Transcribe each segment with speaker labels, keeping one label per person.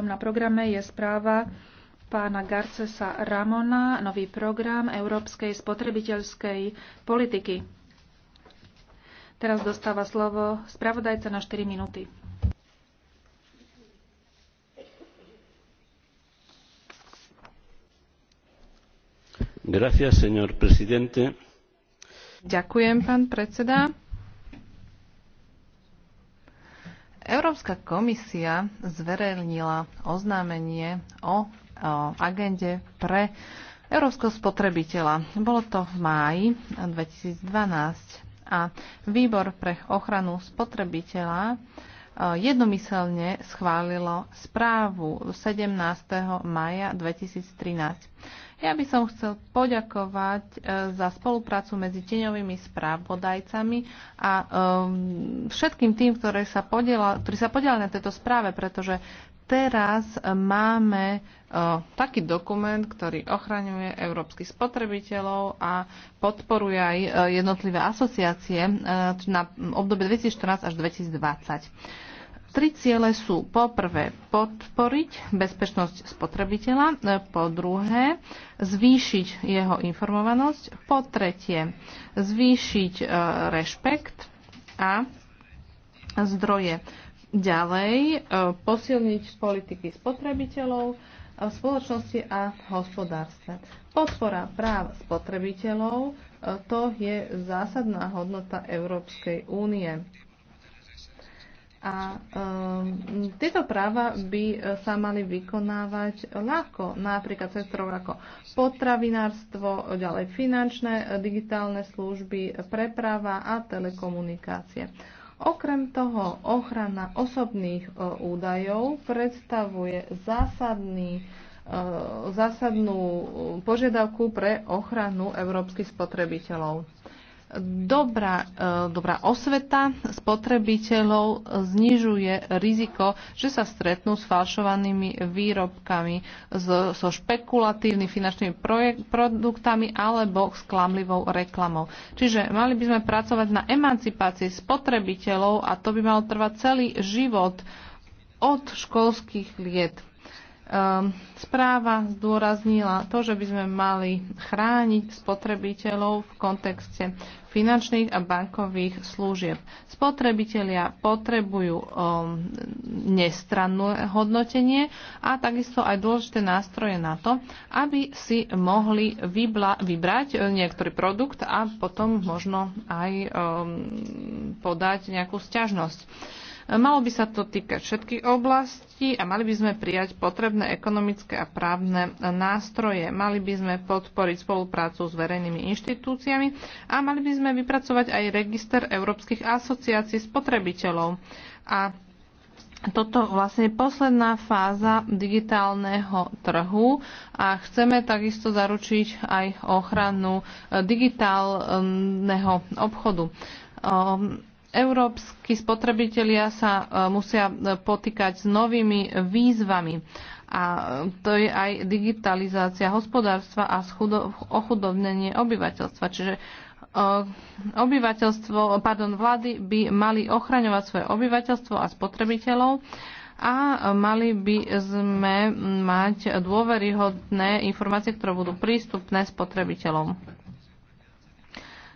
Speaker 1: Na programe je správa pána Garcesa Ramona, nový program európskej spotrebiteľskej politiky. Teraz dostáva slovo spravodajca na 4 minúty.
Speaker 2: Gracias, señor presidente.
Speaker 3: Ďakujem, pán predseda. Európska komisia zverejnila oznámenie o, o agende pre európskeho spotrebiteľa. Bolo to v máji 2012 a Výbor pre ochranu spotrebiteľa e, jednomyselne schválilo správu 17. maja 2013. Ja by som chcel poďakovať e, za spoluprácu medzi tieňovými správodajcami a e, všetkým tým, ktoré sa podiela, ktorí sa podielali na tejto správe, pretože teraz máme e, taký dokument, ktorý ochraňuje európskych spotrebiteľov a podporuje aj jednotlivé asociácie na obdobie 2014 až 2020. Tri ciele sú poprvé podporiť bezpečnosť spotrebiteľa, e, po druhé zvýšiť jeho informovanosť, po tretie zvýšiť e, rešpekt a zdroje. Ďalej e, posilniť politiky spotrebiteľov, spoločnosti a hospodárstve. Podpora práv spotrebiteľov to je zásadná hodnota Európskej únie. A um, tieto práva by e, sa mali vykonávať ľahko, napríklad cestrov ako potravinárstvo, ďalej finančné, e, digitálne služby, preprava a telekomunikácie. Okrem toho, ochrana osobných uh, údajov predstavuje zásadný uh, zásadnú požiadavku pre ochranu európskych spotrebiteľov. Dobrá, e, dobrá osveta spotrebiteľov znižuje riziko, že sa stretnú s falšovanými výrobkami, so špekulatívnymi finančnými produktami alebo s klamlivou reklamou. Čiže mali by sme pracovať na emancipácii spotrebiteľov a to by malo trvať celý život od školských liet. Ehm, správa zdôraznila to, že by sme mali chrániť spotrebiteľov v kontexte finančných a bankových služieb. Spotrebitelia potrebujú um, nestranné hodnotenie a takisto aj dôležité nástroje na to, aby si mohli vybla, vybrať eh, niektorý produkt a potom možno aj um, podať nejakú sťažnosť. Malo by sa to týkať všetkých oblastí a mali by sme prijať potrebné ekonomické a právne nástroje. Mali by sme podporiť spoluprácu s verejnými inštitúciami a mali by sme vypracovať aj register európskych asociácií spotrebiteľov. A toto vlastne je posledná fáza digitálneho trhu a chceme takisto zaručiť aj ochranu digitálneho obchodu. Ehm, Európsky spotrebitelia sa e, musia e, potýkať s novými výzvami a e, to je aj digitalizácia hospodárstva a ochudobnenie obyvateľstva. Čiže obyvateľstvo, pardon, vlády by mali ochraňovať svoje obyvateľstvo a spotrebiteľov a mali by sme mať dôveryhodné informácie, ktoré budú prístupné spotrebiteľom.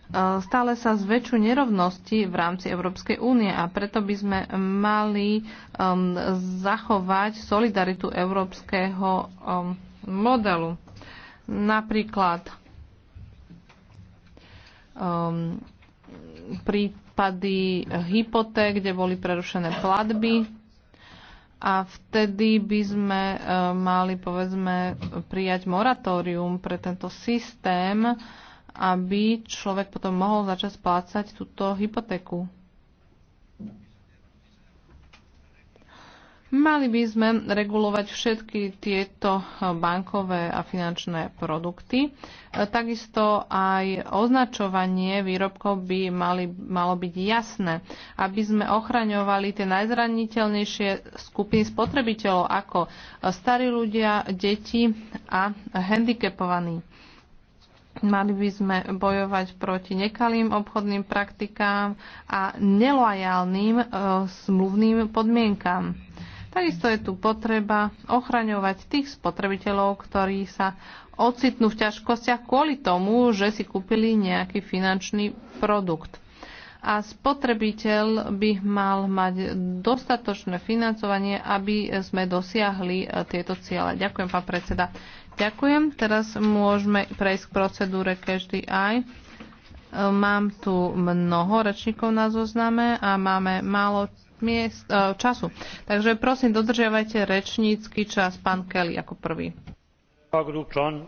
Speaker 3: E, stále sa zväčšujú nerovnosti v rámci Európskej únie a preto by sme mali um, zachovať solidaritu európskeho um, modelu. Napríklad um, prípady hypoté, kde boli prerušené platby a vtedy by sme um, mali povedzme prijať moratórium pre tento systém, aby človek potom mohol začať splácať túto hypotéku. Mali by sme regulovať všetky tieto bankové a finančné produkty. Takisto aj označovanie výrobkov by mali, malo byť jasné, aby sme ochraňovali tie najzraniteľnejšie skupiny spotrebiteľov, ako starí ľudia, deti a handicapovaní. Mali by sme bojovať proti nekalým obchodným praktikám a nelojálnym e, smluvným podmienkam. Takisto je tu potreba ochraňovať tých spotrebiteľov, ktorí sa ocitnú v ťažkostiach kvôli tomu, že si kúpili nejaký finančný produkt. A spotrebiteľ by mal mať dostatočné financovanie, aby sme dosiahli e, tieto ciele. Ďakujem, pán predseda. Ďakujem. Teraz môžeme prejsť k procedúre každý aj. Mám tu mnoho rečníkov na zozname a máme málo miest, e, času. Takže prosím, dodržiavajte rečnícky
Speaker 2: čas. Pán Kelly ako prvý.
Speaker 1: Ďakujem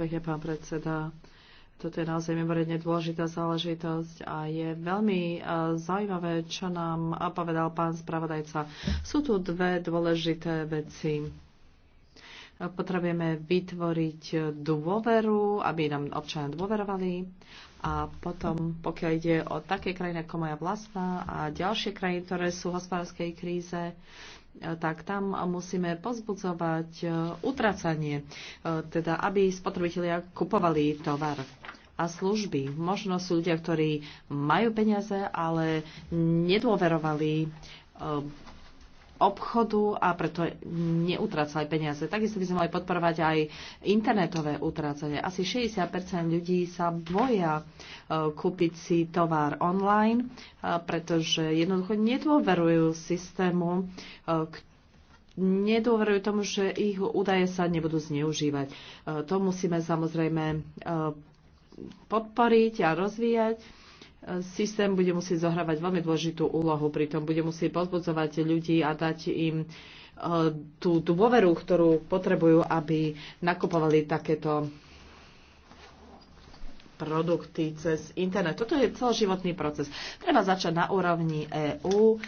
Speaker 2: pekne, pán predseda. Toto je naozaj mimoriadne dôležitá záležitosť a je veľmi e, zaujímavé, čo nám povedal pán spravodajca. Sú tu dve dôležité veci potrebujeme vytvoriť dôveru, aby nám občania dôverovali. A potom, pokiaľ ide o také krajiny ako moja vlastná a ďalšie krajiny, ktoré sú v hospodárskej kríze, tak tam musíme pozbudzovať e, utracanie, e, teda aby spotrebitelia kupovali tovar a služby. Možno sú ľudia, ktorí majú peniaze, ale nedôverovali e, obchodu a preto neutracali peniaze. Takisto by sme mali podporovať aj internetové utracenie. Asi 60 ľudí sa boja e, kúpiť si tovar online, e, pretože jednoducho nedôverujú systému, e, nedôverujú tomu, že ich údaje sa nebudú zneužívať. To musíme samozrejme podporiť a rozvíjať systém bude musieť zohrávať veľmi dôležitú úlohu, pritom bude musieť pozbudzovať ľudí a dať im e, tú dôveru, ktorú potrebujú, aby nakupovali takéto produkty cez internet. Toto je celoživotný proces. Treba začať na úrovni EÚ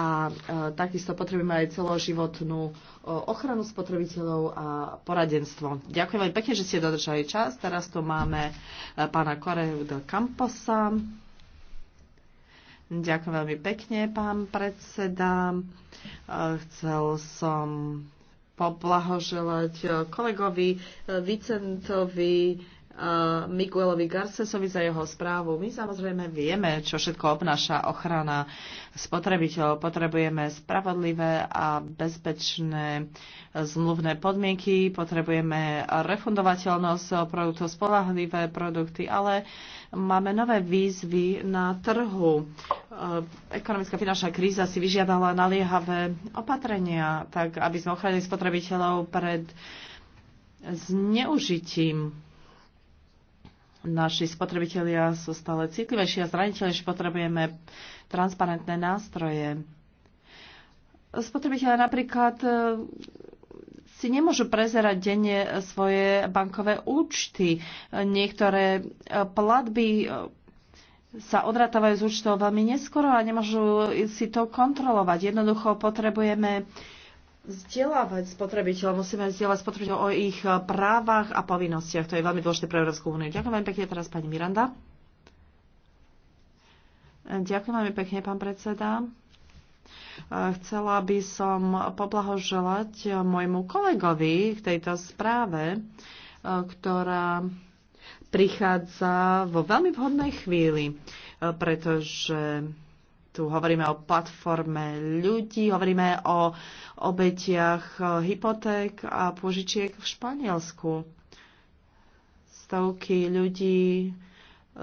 Speaker 2: a e, takisto potrebujeme aj celoživotnú e, ochranu spotrebiteľov a poradenstvo. Ďakujem veľmi pekne, že ste dodržali čas. Teraz tu máme e, pána Koreu del Camposa. Ďakujem veľmi pekne, pán predseda. E, chcel som poblahoželať e, kolegovi e, Vicentovi Eh, Mikuelovi Garcesovi za jeho správu. My samozrejme vieme, čo všetko obnáša ochrana spotrebiteľov. Potrebujeme spravodlivé a bezpečné eh, zmluvné podmienky, potrebujeme refundovateľnosť produktov, spolahlivé produkty, ale máme nové výzvy na trhu. Eh, ekonomická finančná kríza si vyžiadala naliehavé opatrenia, tak aby sme ochránili spotrebiteľov pred zneužitím naši spotrebitelia sú stále citlivejší a zraniteľnejší, potrebujeme transparentné nástroje. Spotrebitelia napríklad e, si nemôžu prezerať denne svoje bankové účty. Niektoré e, platby e, sa odratávajú z účtov veľmi neskoro a nemôžu si to kontrolovať. Jednoducho potrebujeme uh, vzdelávať spotrebiteľov, musíme vzdelávať spotrebiteľov o ich eh, právach a povinnostiach. To je veľmi dôležité pre Európsku úniu. Ďakujem veľmi pekne teraz pani Miranda. Eh, ďakujem veľmi pekne, pán predseda. Eh, chcela by som poblahoželať môjmu kolegovi k tejto správe, ktorá prichádza vo veľmi vhodnej chvíli, pretože tu hovoríme o platforme ľudí, hovoríme o obetiach e, hypoték a požičiek v Španielsku. Stovky ľudí e,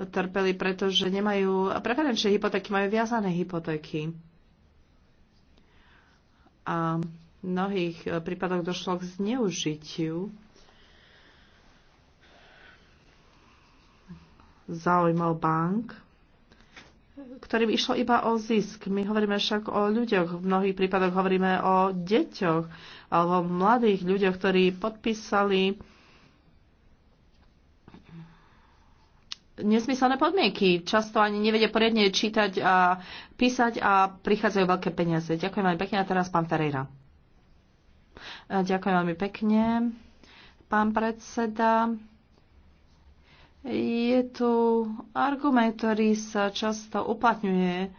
Speaker 2: trpeli, pretože nemajú preferenčné hypotéky, majú viazané hypotéky. A v mnohých e, prípadoch došlo k zneužitiu Zaujímal bank ktorým išlo iba o zisk. My hovoríme však o ľuďoch, v mnohých prípadoch hovoríme o deťoch alebo mladých ľuďoch, ktorí podpísali nesmyselné podmienky. Často ani nevedia poriadne čítať a písať a prichádzajú veľké peniaze. Ďakujem veľmi pekne a teraz pán Ferreira. Ďakujem veľmi pekne, pán predseda. Je tu argument, ktorý sa často uplatňuje,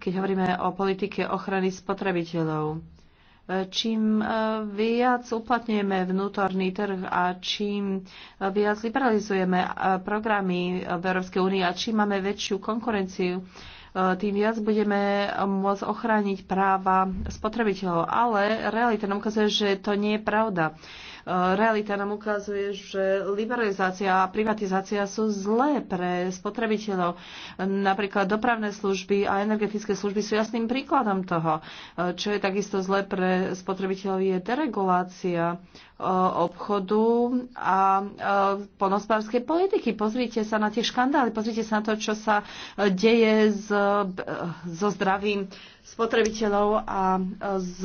Speaker 2: keď hovoríme o politike ochrany spotrebiteľov. Čím e, viac uplatňujeme vnútorný trh a čím e, viac liberalizujeme e, programy v Európskej únii a čím máme väčšiu konkurenciu, tým viac budeme môcť ochrániť práva spotrebiteľov. Ale realita nám ukazuje, že to nie je pravda. Realita nám ukazuje, že liberalizácia a privatizácia sú zlé pre spotrebiteľov. Napríklad dopravné služby a energetické služby sú jasným príkladom toho. Čo je takisto zlé pre spotrebiteľov je deregulácia e, obchodu a e, ponospárskej politiky. Pozrite sa na tie škandály, pozrite sa na to, čo sa e, deje so zdravím spotrebiteľov a s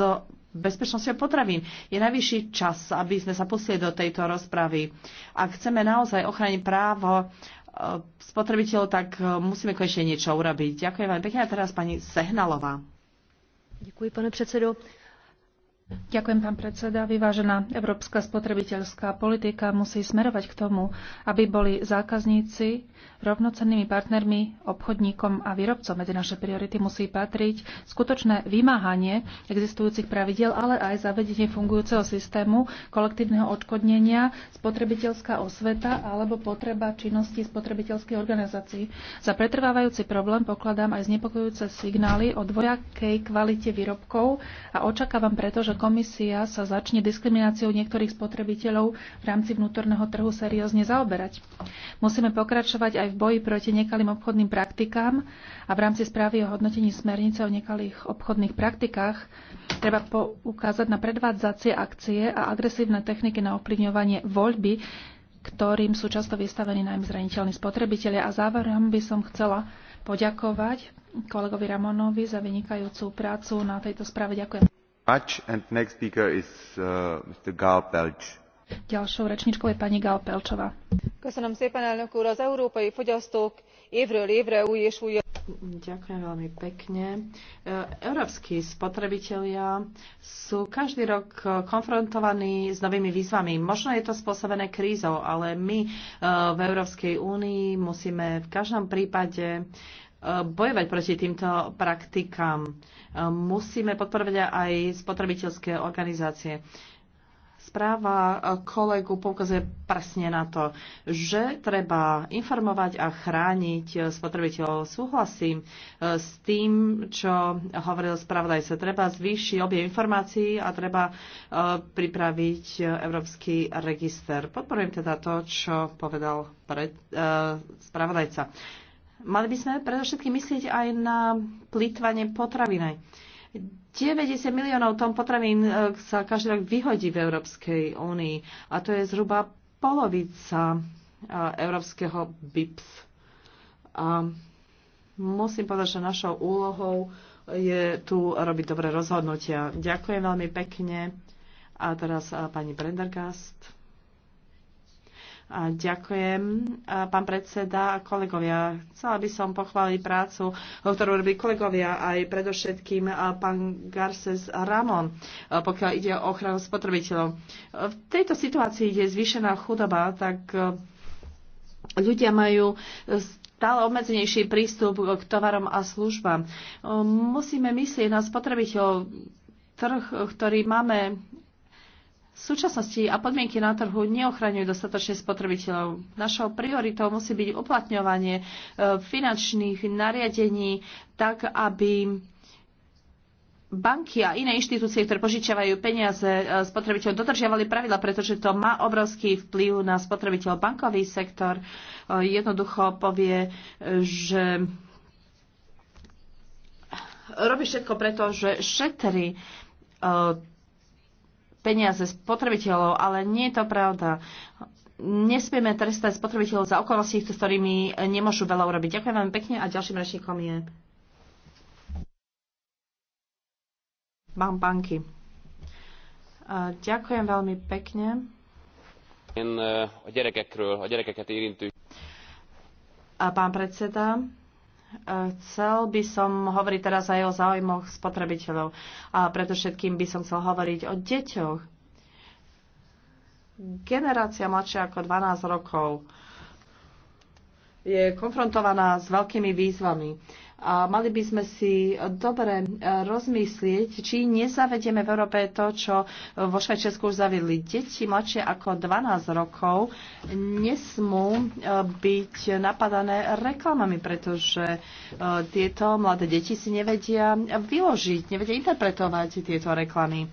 Speaker 2: bezpečnosťou potravín. Je najvyšší čas, aby sme sa pustili do tejto rozpravy. Ak chceme naozaj ochrániť právo e, spotrebiteľov, tak e, musíme konečne niečo urobiť. Ďakujem veľmi pekne. A teraz pani Sehnalová.
Speaker 1: Ďakujem, pane predsedo Ďakujem, pán predseda. Vyvážená európska spotrebiteľská politika musí smerovať k tomu, aby boli zákazníci rovnocennými partnermi, obchodníkom a výrobcom. Medzi naše priority musí patriť skutočné vymáhanie existujúcich pravidel, ale aj zavedenie fungujúceho systému kolektívneho odškodnenia, spotrebiteľská osveta alebo potreba činnosti spotrebiteľských organizácií. Za pretrvávajúci problém pokladám aj znepokojujúce signály o dvojakej kvalite výrobkov a očakávam preto, že komisia sa začne diskrimináciou niektorých spotrebiteľov v rámci vnútorného trhu seriózne zaoberať. Musíme pokračovať aj v boji proti nekalým obchodným praktikám a v rámci správy o hodnotení smernice o nekalých obchodných praktikách treba poukázať na predvádzacie akcie a agresívne techniky na ovplyvňovanie voľby, ktorým sú často vystavení najmä zraniteľní spotrebitelia. A záverom by som chcela poďakovať kolegovi Ramonovi za vynikajúcu prácu na tejto správe. Ďakujem.
Speaker 4: Uh,
Speaker 1: Ďalšou rečníčkou je pani Gál Pelčová.
Speaker 2: Az európai fogyasztók évről évre új és új... Ďakujem e, spotrebitelia sú každý rok e, konfrontovaní s novými výzvami. Možno je to spôsobené krízou, ale my e, v Európskej únii musíme v každom prípade bojovať proti týmto praktikám. Musíme podporovať aj spotrebiteľské organizácie. Správa kolegu poukazuje presne na to, že treba informovať a chrániť spotrebiteľov. Súhlasím eh, s tým, čo hovoril spravodajca. Treba zvýšiť objem informácií a treba eh, pripraviť Európsky register. Podporujem teda to, čo povedal pred, eh, spravodajca Mali by sme predovšetkým myslieť aj na plýtvanie potravinami. 90 miliónov tón potravín e, sa každý rok vyhodí v Európskej únii a to je zhruba polovica e, európskeho BIPS. A musím povedať, že našou úlohou je tu robiť dobré rozhodnutia. Ďakujem veľmi pekne. A teraz e, pani Brendergast. A ďakujem, pán predseda a kolegovia. Chcela by som pochváliť prácu, ktorú robí kolegovia aj predovšetkým pán Garces Ramon, pokiaľ ide o ochranu spotrebiteľov. V tejto situácii, kde je zvýšená chudoba, tak e, ľudia majú stále obmedzenejší prístup k tovarom a službám. E, musíme myslieť na spotrebiteľov, trh, ktorý máme v súčasnosti a podmienky na trhu neochraňujú dostatočne spotrebiteľov. Našou prioritou musí byť uplatňovanie e, finančných nariadení tak, aby banky a iné inštitúcie, ktoré požičiavajú peniaze e, spotrebiteľom, dodržiavali pravidla, pretože to má obrovský vplyv na spotrebiteľ Bankový sektor e, jednoducho povie, že robí všetko preto, že šetri peniaze spotrebiteľov, ale nie je to pravda. Nesmieme trestať spotrebiteľov za okolnosti, s ktorými nemôžu veľa urobiť. Ďakujem veľmi pekne a ďalším rečníkom je banky. Ďakujem veľmi pekne.
Speaker 3: Eh,
Speaker 2: pán predseda, Chcel by som hovoriť teraz aj o záujmoch spotrebiteľov a preto všetkým by som chcel hovoriť o deťoch. Generácia mladšia ako 12 rokov je konfrontovaná s veľkými výzvami. A mali by sme si dobre eh, rozmyslieť, či nezavedieme v Európe to, čo vo Švajčiarsku už zavili Deti mladšie ako 12 rokov nesmú eh, byť napadané reklamami, pretože eh, tieto mladé deti si nevedia vyložiť, nevedia interpretovať tieto reklamy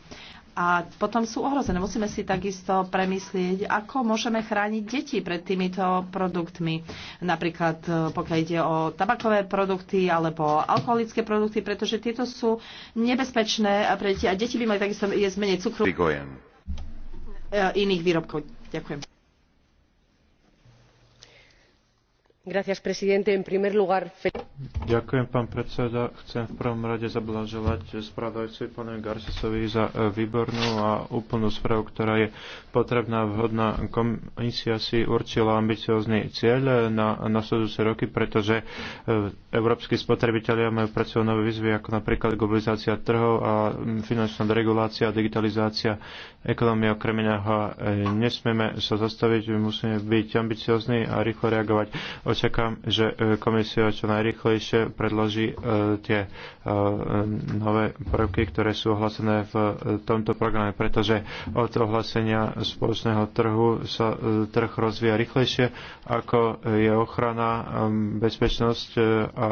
Speaker 2: a potom sú ohrozené. Musíme si takisto premyslieť, ako môžeme chrániť deti pred týmito produktmi. Napríklad e, pokiaľ ide o tabakové produkty alebo alkoholické produkty, pretože tieto sú nebezpečné pre deti a deti by mali takisto jesť menej cukru e, iných výrobkov. Ďakujem.
Speaker 4: Ďakujem, pán predseda. Chcem v prvom rade zablahoželať spravodajcovi pánovi garcésovi za e, výbornú a úplnú správu, ktorá je potrebná, vhodná. Komisia si určila ambiciózny cieľ e, na nasledujúce roky, pretože e, európsky spotrebitelia majú pred sebou nové výzvy, ako napríklad globalizácia trhov a finančná deregulácia, digitalizácia ekonomie okrem iného. Nesmieme sa zastaviť, musíme byť ambiciózni a rýchlo reagovať čakám, že e, komisia čo najrychlejšie predloží e, tie e, nové prvky, ktoré sú ohlasené v tomto programe, pretože od ohlasenia spoločného trhu sa trh rozvíja rýchlejšie, ako je ochrana, bezpečnosť a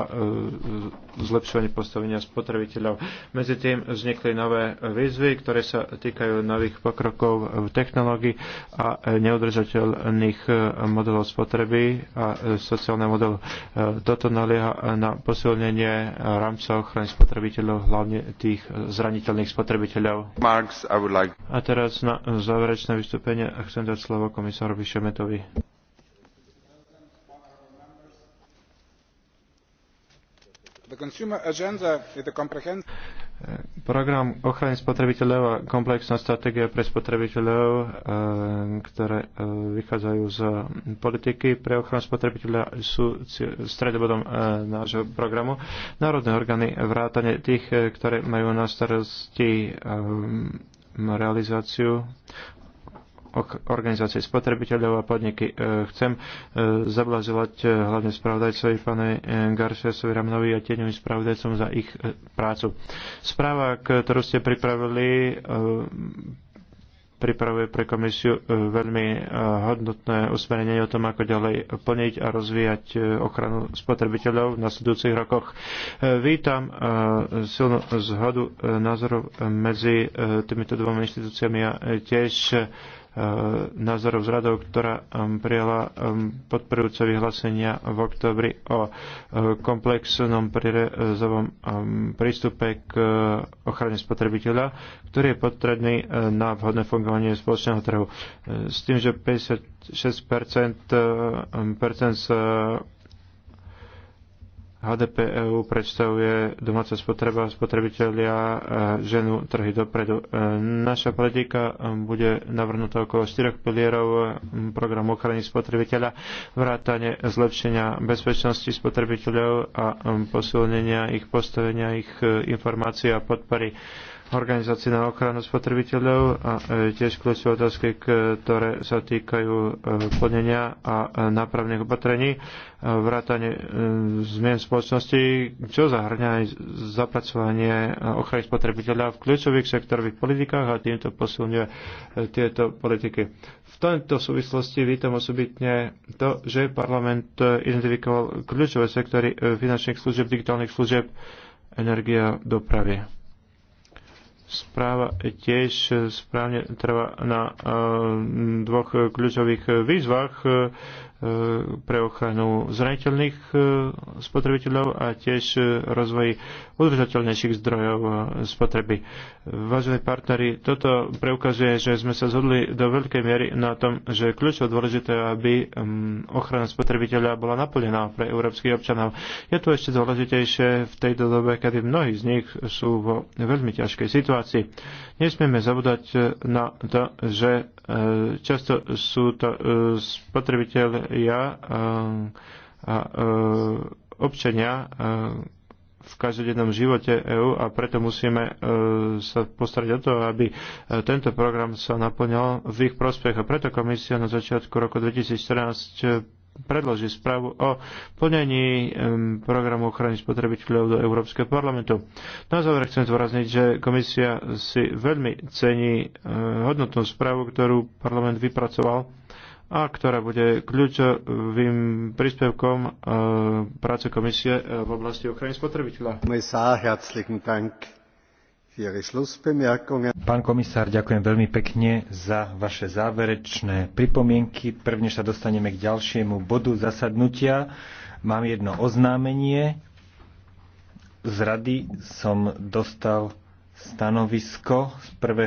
Speaker 4: zlepšovanie postavenia spotrebiteľov. Medzi tým vznikli nové výzvy, ktoré sa týkajú nových pokrokov v technológii a neudržateľných modelov spotreby a sociálne modelu. E, toto nalieha na posilnenie rámca ochrany spotrebiteľov, hlavne tých zraniteľných spotrebiteľov. Marks, like... A teraz na záverečné vystúpenie chcem dať slovo komisárovi Šemetovi. Program ochrany spotrebiteľov a komplexná stratégia pre spotrebiteľov, e, ktoré e, vychádzajú z politiky pre ochranu spotrebiteľa, sú stredobodom e, nášho programu. Národné orgány vrátane tých, ktoré majú na starosti realizáciu organizácie spotrebiteľov a podniky. E, chcem e, zablazovať e, hlavne spravodajcovi pane Garciasovi Ramnovi a tieňovým spravodajcom za ich prácu. Správa, ktorú ste pripravili, pripravuje pre komisiu veľmi hodnotné usmerenie o tom, ako ďalej plniť a rozvíjať ochranu spotrebiteľov v nasledujúcich rokoch. Vítam silnú zhodu názorov medzi týmito dvoma inštitúciami a tiež Eh, názorov z radov, ktorá prijala podporujúce vyhlásenia v oktobri o eh, komplexnom prirezovom prístupe k eh, ochrane spotrebiteľa, ktorý je potrebný na vhodné fungovanie spoločného trhu. S tým, že 56% percent z HDP EU predstavuje domáca spotreba, spotrebitelia, e, ženu, trhy dopredu. E, naša politika e, bude navrhnutá okolo štyroch pilierov programu ochrany spotrebiteľa, vrátane zlepšenia bezpečnosti spotrebiteľov a posilnenia ich postavenia, ich informácií a podpory organizácií na ochranu spotrebiteľov a e, tiež kľúčové otázky, ktoré sa týkajú e, plnenia a e, nápravných opatrení, vrátanie zmien spoločnosti, čo zahrňa aj zapracovanie ochrany spotrebiteľa v kľúčových sektorových politikách a týmto posilňuje tieto politiky. V tomto súvislosti vítam osobitne to, že parlament identifikoval kľúčové sektory finančných služieb, digitálnych služieb, energia, dopravy správa tiež správne trvá na eh, dvoch kľúčových výzvach eh, pre ochranu zraniteľných e, spotrebiteľov a tiež e, rozvoj udržateľnejších zdrojov e, spotreby. Vážení partneri, toto preukazuje, že sme sa zhodli do veľkej miery na tom, že kľúčovo dôležité, aby ochrana spotrebiteľa bola naplnená pre európskych občanov. Je to ešte dôležitejšie v tejto dobe, kedy mnohí z nich sú vo veľmi ťažkej situácii. Nesmieme zabúdať na to, že často sú to spotrebiteľ ja eh, a eh, občania eh, v každodennom živote EÚ a preto musíme sa postarať o to, aby tento program sa naplňal v ich prospech. A preto komisia na začiatku roku 2014 predloží správu o plnení programu ochrany spotrebiteľov do Európskeho parlamentu. Na záver chcem zvorazniť, že komisia si veľmi cení hodnotnú správu, ktorú parlament vypracoval a ktorá bude kľúčovým príspevkom e, práce komisie e, v oblasti ochrany spotrebiteľa. Pán komisár, ďakujem veľmi pekne za vaše záverečné pripomienky. Prvne sa dostaneme k ďalšiemu bodu zasadnutia. Mám jedno oznámenie. Z rady som dostal stanovisko z 1.